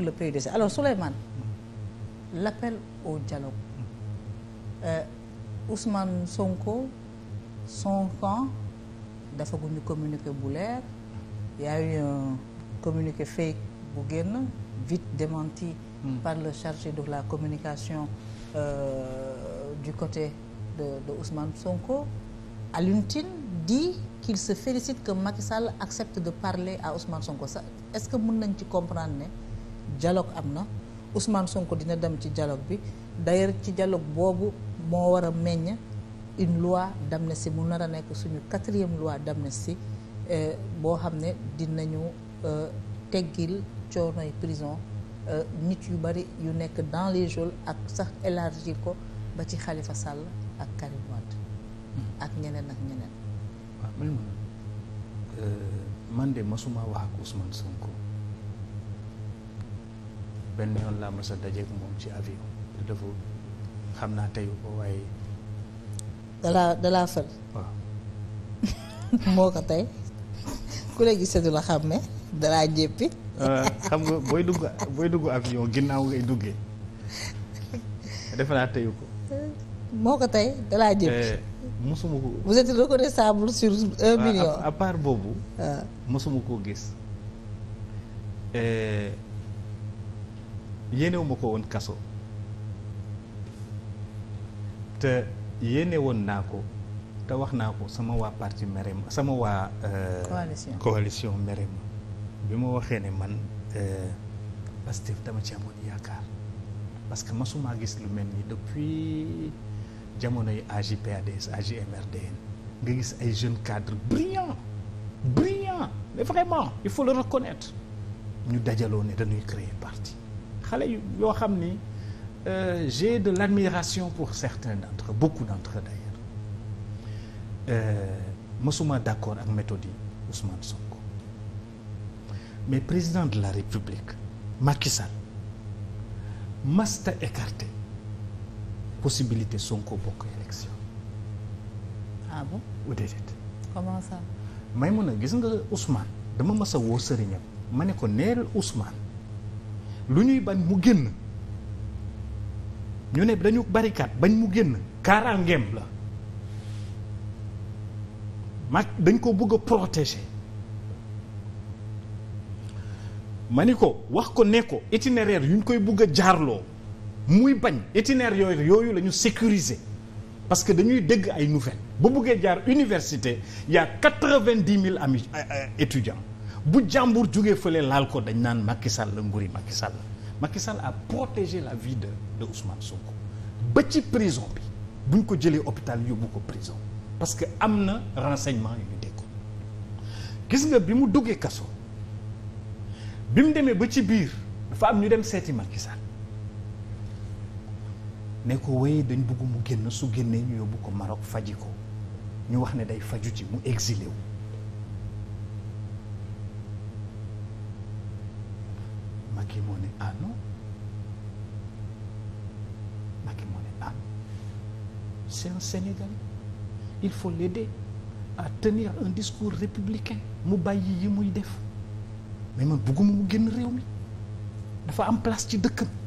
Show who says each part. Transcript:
Speaker 1: pour le PUDC alors Souleymane l'appel au dialogue euh, Sonko son camp dafa guñu communiqué bu leer y a un communiqué fake bu génn vite démenti mm. par le chargé de la communication euh, du côté de, de Sonko Alioune Tine dit qu'il se félicite que Macky Sall accepte de parler à Ousmane Sonko ça est-ce que mun nañ ci comprendre ne dialogue am na Ousmane Sonko dina dem ci dialogue bi d'ailleurs ci dialogue boobu moo war a meññ une loi d'amnistie mu nar a nekk suñu quatrième loi d'amnistie euh, boo xam ne dinañu euh, teggil coonoy prison euh, nit yu bari yu nekk dans les geôles ak sax élargir ko ba ci xalifa Sall ak Karim ak ñeneen ak ñeneen.
Speaker 2: waaw man man de masuma wax ak Ousmane Sonko. benn yoon laa mës a dajeek moom ci avion te dafa xam naa teyu ko waaye
Speaker 1: dalaa dalaa fël moo ko tey ku la gisee du la xàmme dalaa jéppi
Speaker 2: euh, xam nga booy dugg booy dugg avion ginnaaw ngay duggee defe naa teyu ko
Speaker 1: moo ko tey dalaa jéppi euh,
Speaker 2: mosuma ko vous
Speaker 1: êtes reconnaissable sur un million
Speaker 2: à boobu ah. mosuma koo gis euh, yéenewu ko woon kaso te yéene woon naa ko te wax naa ko sama waa parti mere sama waa euh, coalition coalition mere ma bi ma waxee ne man euh, Pastef dama ci amoon yaakaar parce que masumaa gis lu mel ni depuis jamono yi AJ/PADS aj nga gis ay jeunes cadres brillants brillants mais vraiment il faut le reconnaître ñu dajaloo ne dañuy créer parti xale yoo xam ni euh, j'ai de l'admiration pour certains d'entre eux beaucoup d'entre eux d'ailleurs mësuma euh, ak méthode yi Ousmane Sonko mais président de la République Macky maste masta écarté possibilité Sonko bokk élection ah bon may mun a gis nga Ousmane dama mas a woo sëriñam ma ne ko neel Ousmane lu ñuy bañ mu génn ñu ne dañu barricade bañ mu génn kaaraangeem la mag dañ ko bëgg a protéger ma ni ko wax ko ne ko itinéraire yu ñu koy bugg a jaarloo muy bañ itinéraire yooyu yooyu la ñu sécuriser parce que dañuy dégg ay nouvelles bu bëggee jaar université yaa a vingt dix mille amis euh, euh, étudiants bu jàmbur jógee fële laal ko dañ naan Macky Sall la nguuri Macky Sall Macky Sall a protégé la vie de de Ousmane Sonko ba ci prison bi buñ ko jëlee hôpital yóbbu ko prison parce que am na renseignement yu ñu ko gis nga bi mu duggee kaso bi mu demee ba ci biir dafa am ñu dem seeti Macky Sall ne ko wéy dañ bugg mu génn su génnee ñu yóbbu ko Maroc faji ko ñu wax ne day faju ci mu exilé wu Macky il faut l'aider à tenir un discours républicain mu bàyyi yi muy def mais man bëgguma mu génn réew mi dafa am place ci dëkkam